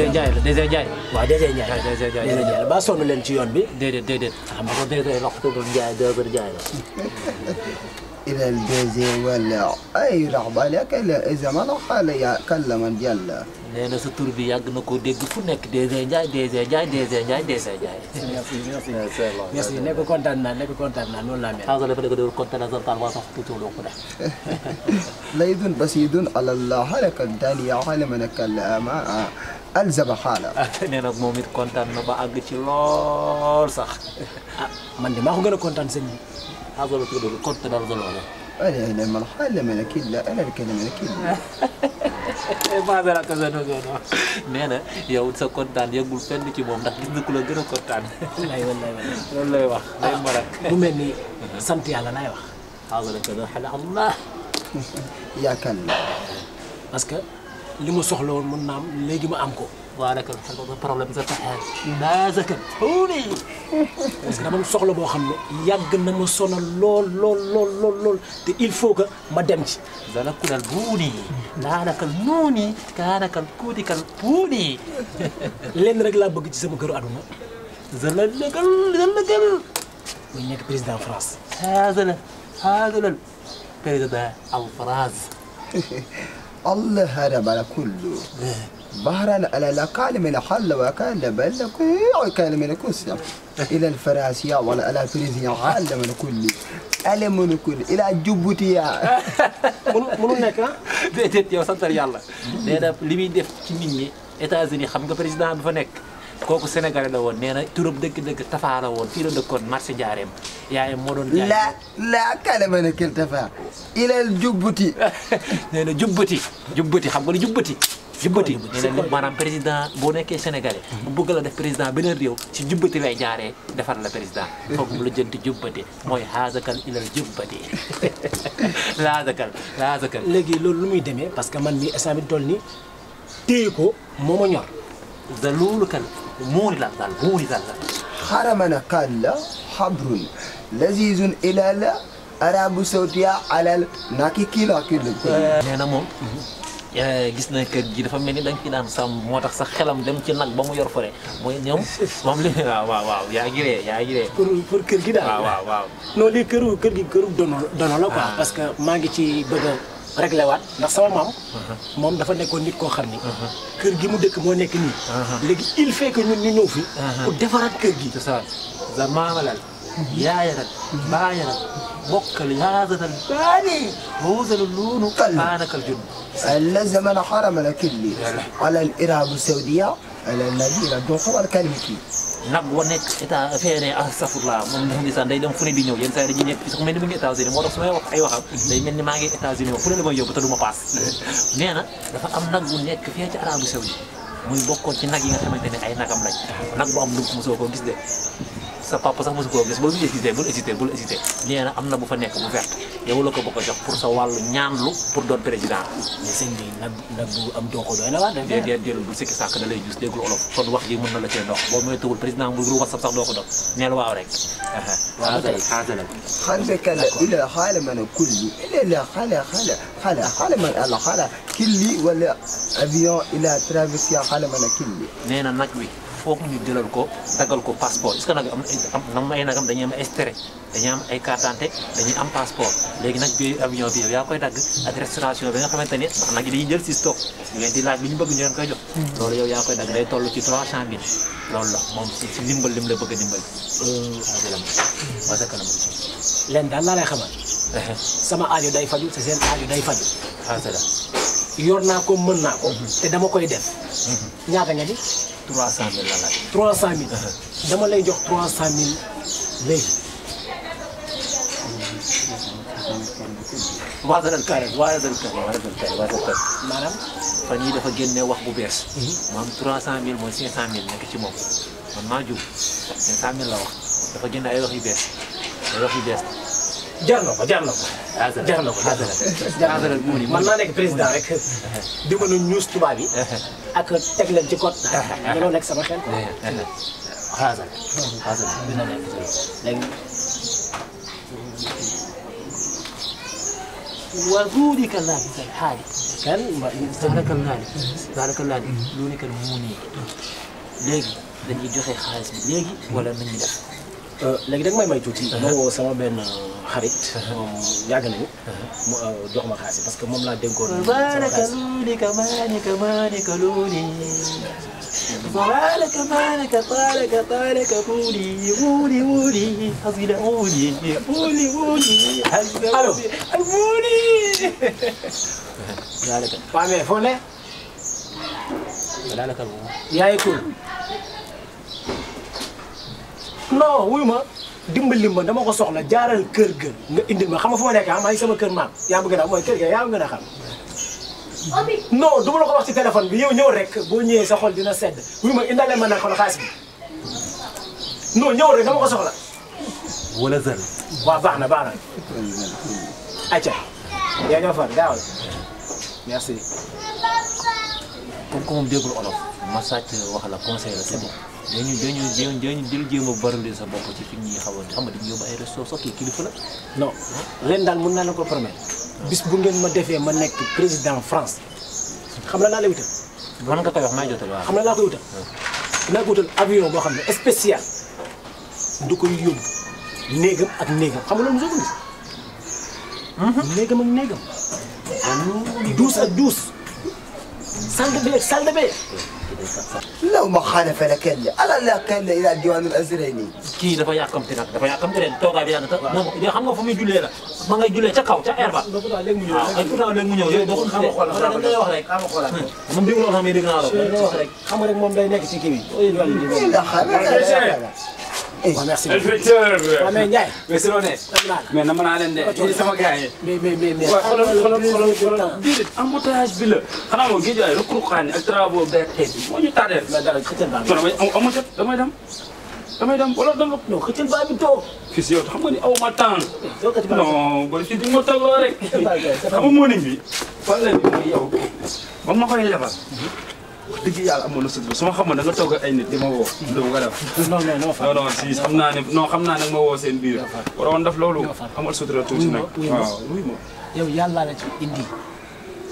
لا يدون بس يدون على الله هلك الدنيا هل منك الأماء الزب حالا انا موميت كونتان ما باغ na لول صح من lool sax ah كونتان de maa ko gën a kontaan sëñ انا هذول أنا ما حال ما أكيد لا أنا الكلام من أكيد ما بلا كذا نو نو نانا يا وتسا كونتان يغول فين كي موم داك نكو لا غير كونتان والله والله والله لي واخ لي بو آه، بمني سانت يالا ناي واخ هذا كذا حلا الله يا كان باسكو لما سخلون من نام لقي ما أمكو بارك الله فيك هذا problem زت حال ما زكنت هوني بس كنا من سخلوا بوخم يجن من سونا لول لول لول لول لول تي il faut que ما دمش زنا كنا البوني لا أنا كان نوني كان كان كودي كان بوني لين رجلا بقيت زم كرو أدونا زنا لقل زنا لقل وينك بريز دان فرنسا هذا هذا البريز دان فرنسا الله ربنا كله بحر على كلمة الحل وكلمة بلكي وكلمة الكسر إلى الفراسية ولا إلى الفريسية علم الكل علم الكل إلى جبوتيا mënul من ah déedéet yow santal yàlla nee na li muy def ci nit ñi États-Unis xam nga kooku sénégalais la woon nee na turam dëgg-dëgg tafaa la woon fii la dëkkoon marché Ndiarème yaayam moo doon. jaay la la kalama ne kel Tafa. ilal jubbuti. nee na jubbuti jubbuti xam nga ni jubbuti. jubbati nee na maanaam président boo nekkee sénégalais bu la def président beneen réew ci jubbati lay jaaree defar la président foog mu la jënti jubbati mooy xaasakal ilal jubbati laasakal laasakal léegi loolu lu muy demee parce que man mi instant bi toll ni téye ko moo ma ñor ذلول كان موري لا ذل غوري ذل خرمنا قال لا حبر لذيذ إلى لا أراب سوتيا على ناكي كيلو كيلو أنا مو يا جسنا كجيل فمني دان كنا سام ما تخص خلام دم كنا بام يور فري مو يوم مام لي واو واو واو يا غير يا غير كرو كرو كرو كده واو واو نولي كرو كرو كرو دون دون لوكا بس كا ماجي تي بدو réglé waat ndax sama maam. moom dafa nekkoon nit koo xam ni. kër gi mu dëkk moo nekk nii. léegi il fait que ñun ñu ñëw fi. pour defaraat kër gi. c'est ça sa maamalal. yaayatal baayatal bokkal yaazatal baani. ruusal luunu. aanakal junn. لزم الحرم الكلي على الإرهاب السعودية على المدينة دخول الكلمة nag wa nekk état feene astafurlah moom moom ndeysaan day dem fu ne di ñëw yenn saa yi dañuy nekk fii mel ni mu ngi États-Unis moo ay waxam day ni maa ngi États-Unis fu ne la yóbbu te du paas nee dafa am nag bu nekk fee ci Arabie Saoudite muy bokkoon ci nag yi nga xamante ne ay nagam lañ nag bu am lu soo ko gis de sa papa sax mosu koo gis boo hésité bul hésité bul hésité nee na am na bu fa nekk bu verte yow la ko bëgg a jox pour sa wàllu ñaanlu pour doon président mais sëñ bi nag nag bu am doo ko doy na waa def dee déelul bul sikki sàkk da lay juus déggul olof kon wax ji mën na la cee dox boo mooy tëgul président bu groupe whatsapp sax doo ko dox neel waaw rek خلفك إلى خال من كل إلى خال خال خال خال من الله خال كلي ولا أبيون إلى ترافيس يا خال من كلي نينا نكوي foog ñu jëlal ko tagal ko passeport est ce nak nag am nam ay nagam dañuy am ay stéré dañuy am ay carte d'identité dañuy am passeport légui nak bi avion bi yow yaa koy dag ak restauration bi nga xamanteni ni ndax nag dañuy jël ci stock ñu di laaj biñu bëgg ñu leen koy jox hmm. lolu yow ya koy dag day tollu ci 300000 lolu la mom ci limbal lim la bëgg a dimbal wasaka euh. la mu leen daal la lay xamal sama aaju day faju sa seen aaju day faju yor naa ko mën na ko te dama koy def ñaata nga di trois cent mille la laaj. trois cent mille. dama lay jox trois cent mille léegi. waazal kare waazal kare waazal kare waazal kare. maanaam fan yii dafa génne wax bu bees. Mhm. maam trois cent mille mooy cinq cent mille nekk ci moom man maa jub cinq cent mille la wax dafa génne ay wax yu bees ay wax yu bees. jar na ko jar na ko. jar na ko jar na ko man maa nekk président rek. di mën a ñuus tubaab yi. ak teg leen ci code. loolu nekk sama xel quoi. xaasa xaasa dina nekk léegi. وجودك الله في الحالي كان استهلك النادي استهلك النادي لونك الموني léegi dañuy joxe xaalis bi léegi wala nañu def Eh, léegi da nga may may tuuti. Uh-huh. ma sama benn uh, xarit. Uh-huh. moom yàgg nañu. Uh-huh. mu uh, jox ma xaalis parce que moom laa dénkoon. sama xaalis مالك مالك طالك طالك قولي قولي قولي حصيلة قولي قولي قولي ألو قولي ذلك فاهمين فون ne. ذلك يا يكون dimbali ma dama ko soxla jaaral keur ga nga indi ma xam nga fu ma nekk ah sama keur maam ya bëgg na moy keur ga ya nga na xam. non duma ma ko wax ci téléphone bi yow ñëw rek bo ñewé sa xol dina sedd wuyu ma indalé ma naa ko la bi non ñëw rek dama ko soxla. wala zël. waaw baax na baax na. acca yaa ñoo far gaawal merci. ko ko moom olof ma ci wax la conseil la c'est bon. dañu dañu dañu jël jéem a barale sa bopp ci fi ñuy xaw a xam nga dañu yóbbu ay resto sax kii kilifa la. non leen daal mën naa la ko promettre. bis bu ngeen ma defee ma nekk président France xam la naa la wutal. mën nga koy wax maa jot waaw. xam la laa koy wutal. naa ko wutal avion boo xam ne spécial du koy yóbbu néegam ak néegam xam nga loolu mosoo ko gis. Mhm. néegam ak néegam. سلد بيك سلد بيك لو ما خالف لكل على الأقل إلى الديوان الأزريني كي دفع يعكم تناك دفع يعكم تناك توقع بيانا نمو إذا خمو فمي جولي لا ما نجي جولي تكاو تأربا دكتور أليك منيو دكتور آه، أليك منيو دكتور خمو خلا خمو خلا من بيقولوا خمي دينا خمو رك مم داي نكسي كيوي إلا خمو waaw eh, merci beaucoup ah, mais Ndiaye. mais c'est honnête. mais nama naa leen de yéen sama gars yi. mais mais mais xoolal xoolal xoolal xoolal biir embouteillage bi la. xanaa moom géej waay rekruxaan yi ak travaux BRT bi moo ñu tardé. mais dara xëccal baa bi toog amul jot damay dem. damay dem wala dama. non xëccal baa bi toog. fii si yow xam nga ni aw ma temps. doo ko ci non booy si di ma tolloo rek. xam nga morning bi. fan la ni yow ba ma koy defal. Mm-hmm. wax yàlla amoon na xamoon da toog ay nit di ma woo. du xam naa ne non seen biir. waroon def loolu amal sutura tuuti nag. waaw wuy ma yow yàlla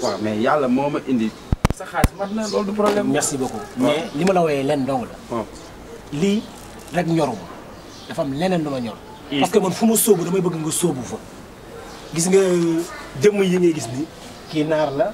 waaw mais yàlla moo ma indi. sa xaalis na loolu du merci beaucoup mais li ma la wooyee leen dong la. lii rek ñoruma dafa am leneen lu ma ñor. parce man fu ma sóobu damay bëgg nga sóobu fa. gis nga euh, jëm yi ngay gis ni kii naar la.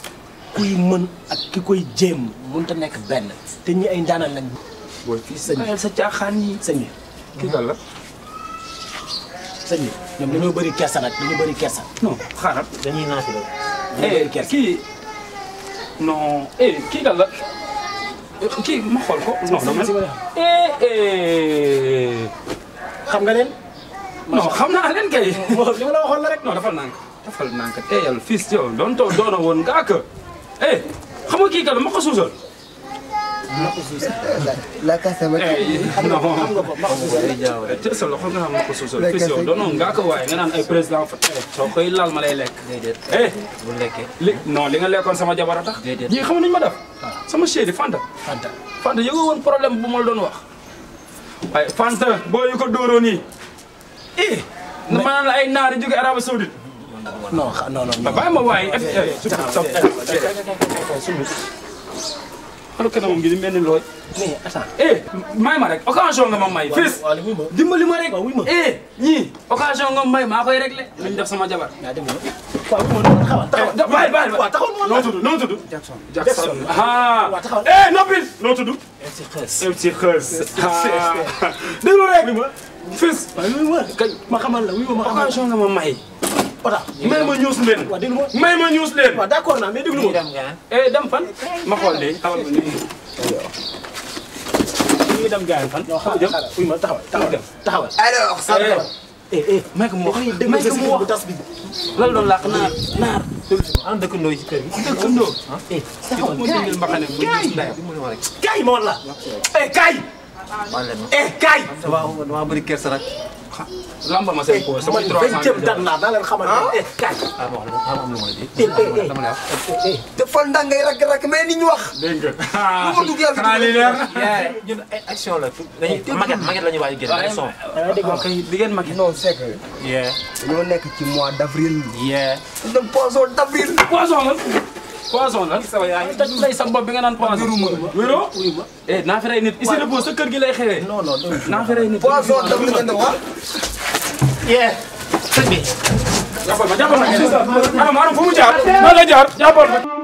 kuy mën ak ki koy jéem mënut ta nekk benn te ñi ay ndaanaan lañ. booy fii sëñ sa caaxaan yi sëñ bi. kii daal la. sëñ bi ñoom dañoo bëri kersa nag dañoo bëri kersa. non xaaral dañuy naaj la. dañoo eh, kii non eh, xool ko. non eh, xam nga leen. non xam naa leen kay. li ma la waxoon la rek. non dafal nànk dafal nànk te yàlla fii si doon too doona woon nga ak. eh xam nga kii kan ma ko suusal maqsus la kasa ba non sa loxo nga xam maqsus question doon nga ko waaye nga naan ay fa koy eh bu lekkee li non li nga sama jabar a tax ñi xam nañ ma def sama chéri fanta fanta fanta yëgoo problème bu ma la fanta boy, ko eh ma naan la ay naari jóge Arabie non non non. bàyyi ma waay. xalu kanamam não di mel ni looy. mais attends. eh may ma rek occasion nga ma may. fils dimbali ma rek. eh ñii occasion nga may maa koy réglé. luñ def sama jabar. waaw wuy ma Não xaw ma taxaw. bàyyi bàyyi waaw taxaw ma Não tudd não tudd. Jackson Jackson ah. Não taxaw eh noppil noo tudd. MC Xeus MC Xeus. déglu rek. fils. waaw ma xamal la wuy ma occasion nga ma may. ota may ma ñuus leen waaw déglu ma may ma ñuus leen waaw d'accord naa mais déglu ma eh, dem fan eh, ma xool de xamal ma ni ñu dem gaay fan fuy ma taxawal taxawal taxawal alors sa eh eh, eh may ko mu wax may ko mu wax tas bi lan doon làq naar naar ana dëkkandoo ci kër gi dëkkandoo ma wala eh kaay lamba a seen a eh, sama 300 jëm daan naa daa leen xamal ah? ne eh, kaay ah, eh, defal ndànk ngay rakk rakk mais ni ñu wax. dégg nga a ma dugg yàlla ñun ay action la a maget maget la ñuy waaj a génn ah, ay son. di ngeen maget non nekk ci mois d'avril. dem poisson poisson lan sama yaay toj lay sa bopp bi nga naan poisson wéroo eh naa fi rey nit ici repose gi lay xewee non non naa fi rey nit poisson daf li nga wax yee sëñ bi